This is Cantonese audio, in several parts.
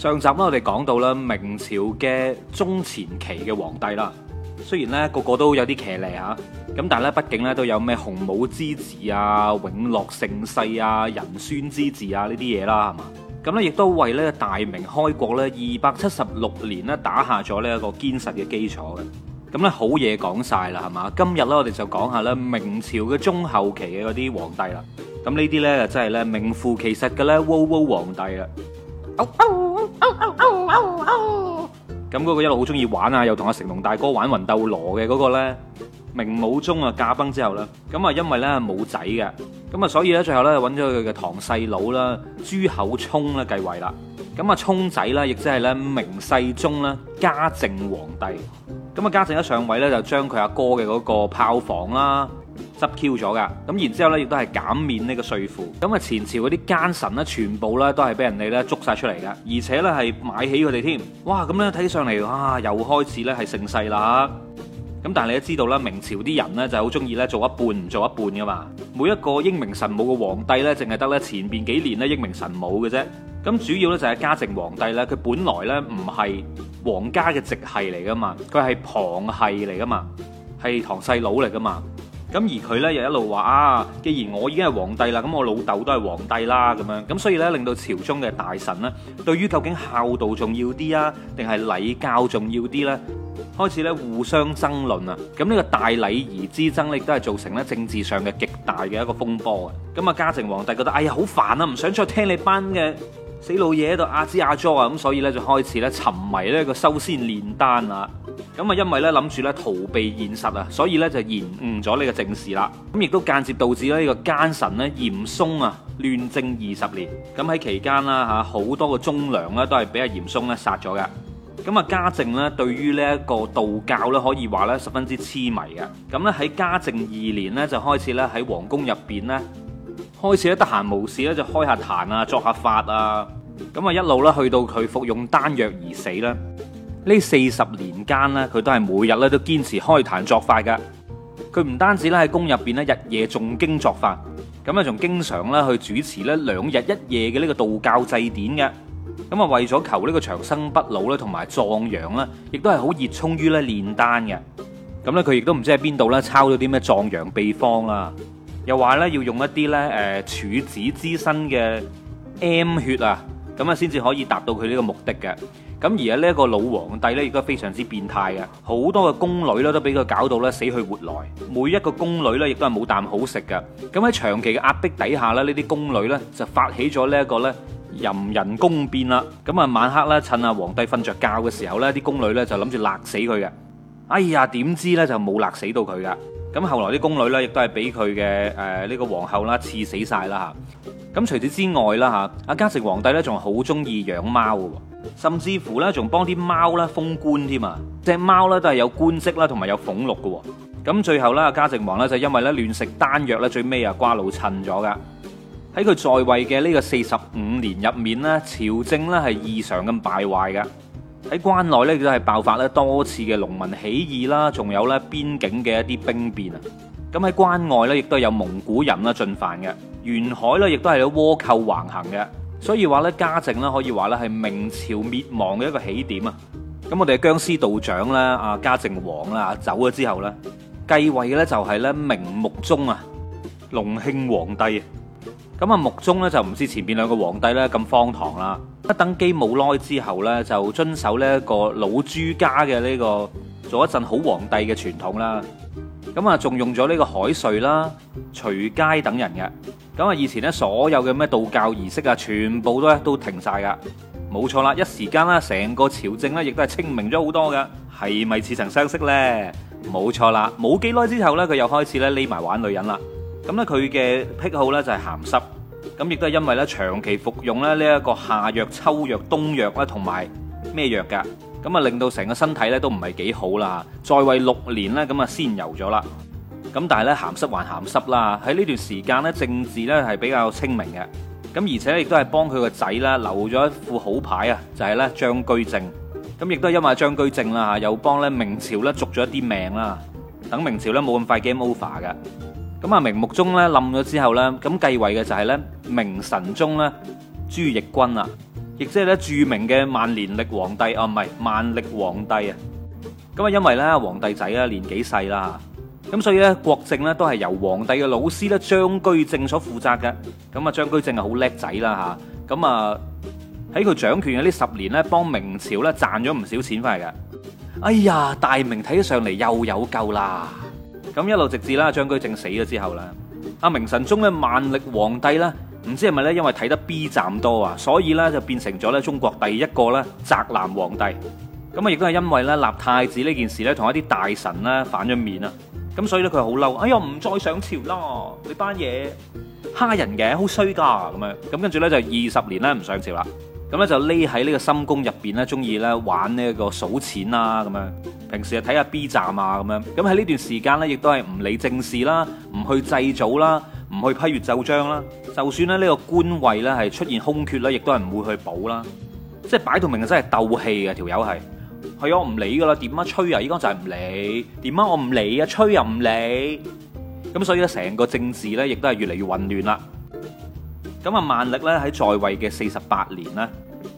上集咧，我哋講到啦，明朝嘅中前期嘅皇帝啦，雖然咧個個都有啲騎呢吓，咁但係咧畢竟咧都有咩洪武之治啊、永樂盛世啊、仁宣之治啊呢啲嘢啦，係嘛，咁咧亦都為咧大明開國咧二百七十六年咧打下咗呢一個堅實嘅基礎嘅。咁咧好嘢講晒啦，係嘛，今日咧我哋就講下咧明朝嘅中後期嘅嗰啲皇帝啦。咁呢啲咧真係咧名副其實嘅咧，嗚嗚皇帝啊。咁嗰個一路好中意玩啊，又同阿成龍大哥玩魂斗羅嘅嗰個呢，明武宗啊駕崩之後呢，咁啊因為呢冇仔嘅，咁啊所以呢最後呢揾咗佢嘅堂細佬啦，朱厚熜啦，繼位啦，咁啊熜仔呢，亦即係呢明世宗啦，嘉靖皇帝，咁啊嘉靖一上位呢，就將佢阿哥嘅嗰個炮房啦。執 Q 咗噶，咁然之後呢，亦都係減免呢個稅負。咁啊，前朝嗰啲奸臣呢，全部呢都係俾人哋呢捉晒出嚟噶，而且呢，係買起佢哋添。哇！咁樣睇上嚟，哇，又開始呢係盛世啦。咁但係你都知道啦，明朝啲人呢就好中意呢做一半唔做一半噶嘛。每一個英明神武嘅皇帝呢，淨係得咧前邊幾年呢英明神武嘅啫。咁主要呢，就係嘉靖皇帝呢，佢本來呢唔係皇家嘅直系嚟噶嘛，佢係旁系嚟噶嘛，係堂細佬嚟噶嘛。咁而佢呢，又一路話啊，既然我已經係皇帝啦，咁我老豆都係皇帝啦，咁樣咁所以呢，令到朝中嘅大臣呢，對於究竟孝道重要啲啊，定係禮教重要啲呢，開始呢互相爭論啊。咁呢個大禮儀之爭呢，都係造成呢政治上嘅極大嘅一個風波啊。咁啊，嘉靖皇帝覺得哎呀好煩啊，唔想再聽你班嘅死老嘢喺度阿茲阿咗啊，咁所以呢，就開始呢，沉迷呢個修仙煉丹啊。咁啊，因為咧諗住咧逃避現實啊，所以咧就延誤咗呢個正事啦。咁亦都間接導致咧呢個奸臣咧嚴嵩啊亂政二十年。咁喺期間啦吓，好多個忠良咧都係俾阿嚴嵩咧殺咗嘅。咁啊，嘉靖呢，對於呢一個道教咧可以話咧十分之痴迷嘅。咁咧喺嘉靖二年咧就開始咧喺皇宮入邊咧開始咧得閒無事咧就開下壇啊作下法啊。咁啊一路咧去到佢服用丹藥而死啦。呢四十年間呢，佢都係每日咧都堅持開壇作法嘅。佢唔單止咧喺宮入邊咧日夜誦經作法，咁啊仲經常咧去主持咧兩日一夜嘅呢個道教祭典嘅。咁啊為咗求呢個長生不老咧，同埋壯陽啦，亦都係好熱衷於咧煉丹嘅。咁咧佢亦都唔知喺邊度咧抄咗啲咩壯陽秘方啊，又話咧要用一啲咧誒處子之身嘅 M 血啊，咁啊先至可以達到佢呢個目的嘅。咁而家呢一個老皇帝呢，亦都非常之變態嘅，好多嘅宮女咧都俾佢搞到呢死去活來，每一個宮女呢，亦都係冇啖好食嘅。咁喺長期嘅壓迫底下呢，呢啲宮女呢，就發起咗呢一個呢壬寅宮變啦。咁啊晚黑呢，趁啊皇帝瞓着覺嘅時候呢，啲宮女呢，就諗住勒死佢嘅。哎呀，點知呢，就冇勒死到佢噶。咁後來啲宮女咧，亦都係俾佢嘅誒呢個皇后啦刺死晒啦嚇。咁除此之外啦嚇，阿嘉靖皇帝咧仲好中意養貓嘅喎，甚至乎咧仲幫啲貓咧封官添啊！隻貓咧都係有官職啦，同埋有俸祿嘅。咁最後咧，嘉靖王咧就因為咧亂食丹藥咧，最尾啊瓜老襯咗噶。喺佢在位嘅呢個四十五年入面咧，朝政咧係異常咁敗壞㗎。喺關內咧，亦都係爆發咧多次嘅農民起義啦，仲有咧邊境嘅一啲兵變啊。咁喺關外咧，亦都有蒙古人啦進犯嘅，沿海咧亦都係有倭寇橫行嘅。所以話咧，嘉靖咧可以話咧係明朝滅亡嘅一個起點啊。咁我哋嘅僵屍道長啦，阿嘉靖王啦走咗之後咧，繼位咧就係咧明穆宗啊，隆慶皇帝。咁啊，穆宗咧就唔似前邊兩個皇帝咧咁荒唐啦。一登基冇耐之後咧，就遵守呢一個老朱家嘅呢個做一陣好皇帝嘅傳統啦。咁啊，仲用咗呢個海瑞啦、徐階等人嘅。咁啊，以前咧所有嘅咩道教儀式啊，全部都咧都停晒噶。冇錯啦，一時間啦，成個朝政咧亦都係清明咗好多㗎。係咪似曾相識呢？冇錯啦，冇幾耐之後咧，佢又開始咧匿埋玩女人啦。咁咧佢嘅癖好咧就係鹹濕，咁亦都係因為咧長期服用咧呢一個夏藥、秋藥、冬藥啦，同埋咩藥噶，咁啊令到成個身體咧都唔係幾好啦。在位六年咧，咁啊先油咗啦。咁但係咧鹹濕還鹹濕啦，喺呢段時間咧政治咧係比較清明嘅。咁而且亦都係幫佢個仔啦留咗一副好牌啊，就係咧張居正。咁亦都係因為張居正啦嚇，又幫咧明朝咧續咗一啲命啦，等明朝咧冇咁快 game over 嘅。咁啊，明穆宗咧冧咗之後咧，咁繼位嘅就係咧明神宗咧朱翊鈞啊，亦即係咧著名嘅萬年曆皇帝啊，唔係萬曆皇帝啊。咁啊，因為咧皇帝仔啦，年紀細啦，咁所以咧國政咧都係由皇帝嘅老師咧張居正所負責嘅。咁啊，張居正係好叻仔啦吓，咁啊喺佢掌權嘅呢十年咧，幫明朝咧賺咗唔少錢翻嚟嘅。哎呀，大明睇起上嚟又有救啦！咁一路直至啦，張居正死咗之後啦，阿明神宗嘅萬歷皇帝咧，唔知係咪咧，因為睇得 B 站多啊，所以咧就變成咗咧中國第一個咧宅男皇帝。咁啊，亦都係因為咧立太子呢件事咧，同一啲大臣咧反咗面啊，咁所以咧佢好嬲，哎呀，唔再上朝啦，你班嘢蝦人嘅，好衰噶咁樣，咁跟住咧就二十年咧唔上朝啦。咁咧就匿喺呢個深宮入邊，咧、啊，中意咧玩呢個數錢啦咁樣。平時啊睇下 B 站啊咁樣。咁喺呢段時間咧，亦都係唔理政事啦，唔去祭祖啦，唔去批閲奏章啦。就算咧呢個官位咧係出現空缺咧，亦都係唔會去補啦。即係擺到明真係鬥氣啊。條友係。係我唔理噶啦，點啊吹啊，依家就係唔理。點解我唔理啊，吹又唔理。咁所以咧成個政治咧亦都係越嚟越混亂啦。咁啊，萬曆咧喺在位嘅四十八年啦。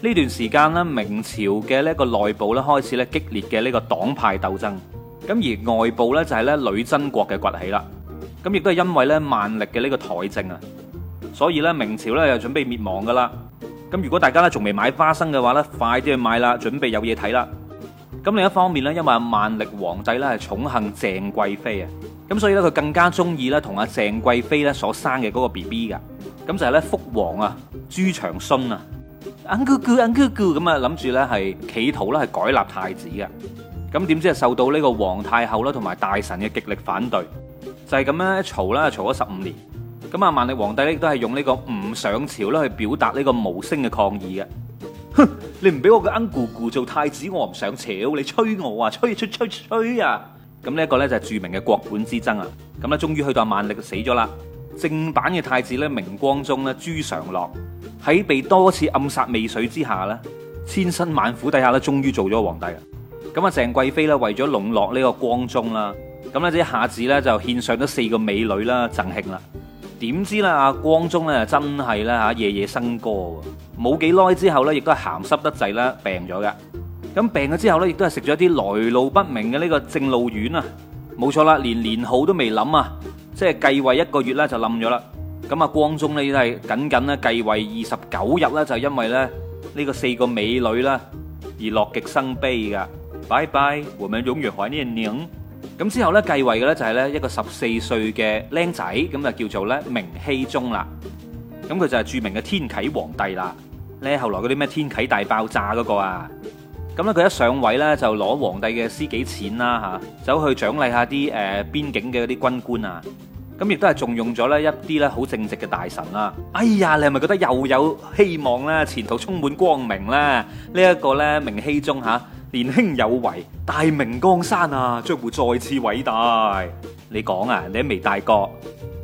呢段時間咧明朝嘅呢一個內部咧開始咧激烈嘅呢個黨派鬥爭。咁而外部咧就係咧女真國嘅崛起啦。咁亦都係因為咧萬曆嘅呢個怠政啊，所以咧明朝咧又準備滅亡㗎喇。咁如果大家咧仲未買花生嘅話咧，快啲去買啦，準備有嘢睇啦。咁另一方面咧，因為啊萬曆皇帝咧係寵幸鄭貴妃啊，咁所以咧佢更加鍾意咧同阿鄭貴妃咧所生嘅嗰個 BB 㗎。咁就係咧福王啊朱長孫啊，咁啊諗住咧係企圖咧係改立太子嘅。咁點知係受到呢個皇太后啦同埋大臣嘅極力反對，就係、是、咁樣一嘈啦，嘈咗十五年，咁啊萬曆皇帝咧亦都係用呢、這個唔上朝啦，去表達呢個無聲嘅抗議嘅，哼，你唔俾我個恩姑姑做太子，我唔上朝，你催我啊，催催催催啊，咁呢一個咧就係著名嘅國本之爭啊，咁咧終於去到萬曆死咗啦。正版嘅太子咧，明光宗咧朱常洛喺被多次暗殺未遂之下咧，千辛萬苦底下咧，終於做咗皇帝。咁啊，鄭貴妃咧為咗籠絡呢個光宗啦，咁咧即係一下子咧就獻上咗四個美女啦，贈慶啦。點知咧啊，光宗咧真係咧嚇夜夜笙歌喎，冇幾耐之後咧，亦都係鹹濕得滯啦，病咗㗎。咁病咗之後咧，亦都係食咗啲來路不明嘅呢個正露丸啊，冇錯啦，連年號都未諗啊！即係繼位一個月咧就冧咗啦，咁啊光宗呢，亦都係僅僅咧繼位二十九日咧就因為咧呢，呢個四個美女啦而樂極生悲噶，拜拜，會唔會湧入海呢？咁之後咧繼位嘅咧就係咧一個十四歲嘅僆仔，咁就叫做咧明熹宗啦，咁佢就係著名嘅天啟皇帝啦，咧後來嗰啲咩天啟大爆炸嗰個啊。咁咧，佢一上位咧，就攞皇帝嘅私己錢啦、啊、走去獎勵一下啲誒、呃、邊境嘅嗰啲軍官啊。咁亦都係重用咗咧一啲咧好正直嘅大臣啦、啊。哎呀，你係咪覺得又有希望咧？前途充滿光明咧？這個、呢一個咧明熹宗年輕有為，大明江山啊將會再次偉大。你講啊，你都未大個，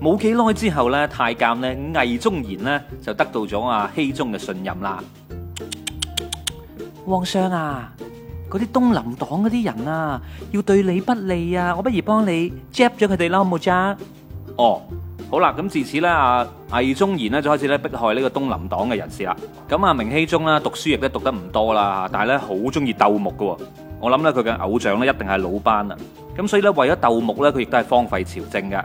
冇幾耐之後咧，太監咧魏忠賢呢，就得到咗啊熹宗嘅信任啦。皇上啊，嗰啲東林黨嗰啲人啊，要對你不利啊，我不如幫你 t a 咗佢哋啦，好冇啫？哦，好啦，咁自此咧，啊魏忠賢呢，就開始咧迫害呢個東林黨嘅人士啦。咁啊，明熙宗呢，讀書亦都讀得唔多啦，但係咧好中意鬥木噶。我諗咧佢嘅偶像一定係老班啦。咁所以咧為咗鬥木咧，佢亦都係荒廢朝政噶。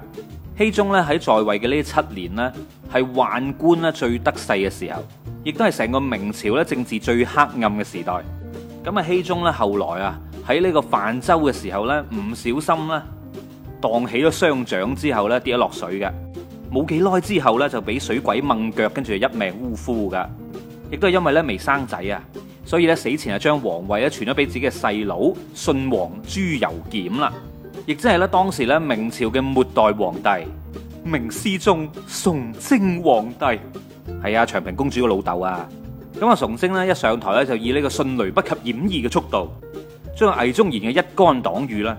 熙宗咧喺在位嘅呢七年呢，係宦官咧最得勢嘅時候。亦都係成個明朝咧政治最黑暗嘅時代。咁啊，熹宗咧後來啊喺呢個泛舟嘅時候咧，唔小心咧蕩起咗雙槳之後咧跌咗落水嘅。冇幾耐之後咧就俾水鬼掹腳，跟住一命嗚呼噶。亦都係因為咧未生仔啊，所以咧死前啊將皇位咧傳咗俾自己嘅細佬信王朱由檢啦。亦即係咧當時咧明朝嘅末代皇帝明思宗崇禎皇帝。係啊，長平公主個老豆啊，咁、嗯、啊，崇禎呢，一上台咧就以呢個迅雷不及掩耳嘅速度，將魏忠賢嘅一干黨羽啦，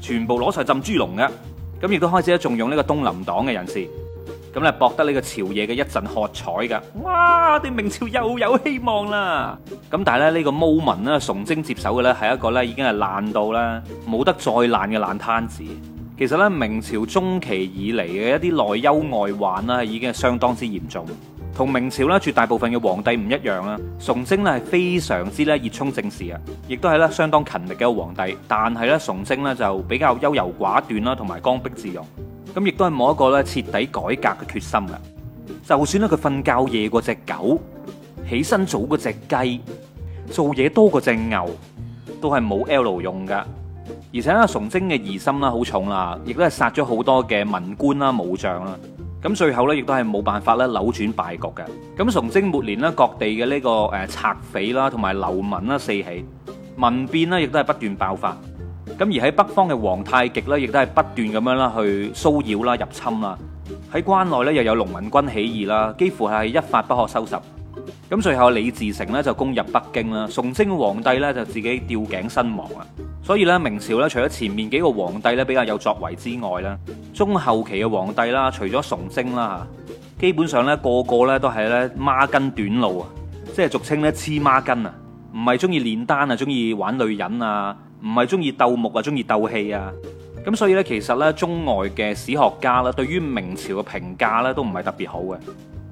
全部攞晒浸豬籠嘅，咁、嗯、亦都開始咧重用呢個東林黨嘅人士，咁、嗯、咧博得呢個朝野嘅一陣喝彩噶，哇！啲明朝又有希望啦。咁、嗯、但係咧呢個毛民呢，這個、moment, 崇禎接手嘅咧係一個咧已經係爛到啦，冇得再爛嘅爛攤子。其實咧明朝中期以嚟嘅一啲內憂外患啦，已經係相當之嚴重。同明朝咧絕大部分嘅皇帝唔一樣啦，崇禎呢係非常之咧熱衷政事啊，亦都係咧相當勤力嘅皇帝。但係咧，崇禎呢就比較優柔寡斷啦，同埋剛愎自用。咁亦都係冇一個咧徹底改革嘅決心嘅。就算咧佢瞓覺夜過隻狗，起身早過隻雞，做嘢多過隻牛，都係冇 L 用噶。而且呢崇禎嘅疑心啦好重啦，亦都係殺咗好多嘅文官啦、武將啦。咁最後呢，亦都係冇辦法咧，扭轉敗局嘅。咁崇禎末年呢，各地嘅呢個誒賊匪啦，同埋流民啦四起，民變呢，亦都係不斷爆發。咁而喺北方嘅皇太極呢，亦都係不斷咁樣啦，去騷擾啦、入侵啦。喺關內呢，又有農民軍起義啦，幾乎係一發不可收拾。咁最後李自成呢，就攻入北京啦，崇禎皇帝呢，就自己吊頸身亡啦。所以咧，明朝咧，除咗前面幾個皇帝咧比較有作為之外咧，中後期嘅皇帝啦，除咗崇禎啦嚇，基本上咧個個咧都係咧孖根短路啊，即係俗稱咧黐孖根啊，唔係中意煉丹啊，中意玩女人啊，唔係中意鬥木啊，中意鬥氣啊。咁所以咧，其實咧，中外嘅史學家咧，對於明朝嘅評價咧都唔係特別好嘅。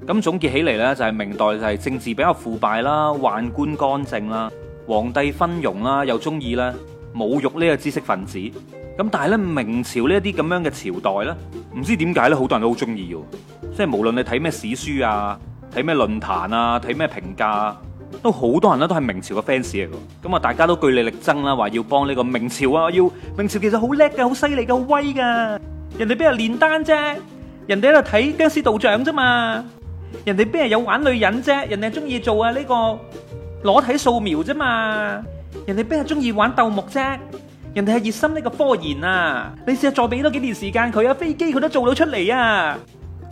咁總結起嚟咧，就係明代就係政治比較腐敗啦，宦官幹政啦，皇帝昏庸啦，又中意咧。侮辱呢個知識分子，咁但係咧明朝呢一啲咁樣嘅朝代咧，唔知點解咧好多人都好中意嘅，即係無論你睇咩史書啊，睇咩論壇啊，睇咩評價，都好多人咧都係明朝嘅 fans 嚟嘅。咁啊，大家都據理力爭啦，話要幫呢個明朝啊，要明朝其實好叻嘅，好犀利嘅，好威噶。人哋邊係煉丹啫，人哋喺度睇僵屍道長啫嘛，人哋邊係有玩女人啫，人哋係中意做啊呢個裸體素描啫嘛。人哋邊係中意玩鬥木啫，人哋係熱心呢個科研啊！你試下再俾多幾年時間佢啊，飛機佢都做到出嚟啊！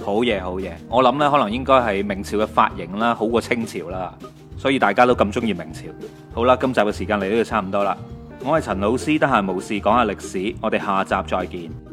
好嘢好嘢，我諗呢可能應該係明朝嘅髮型啦，好過清朝啦，所以大家都咁中意明朝。好啦，今集嘅時間嚟到就差唔多啦，我係陳老師，得閒無事講下歷史，我哋下集再見。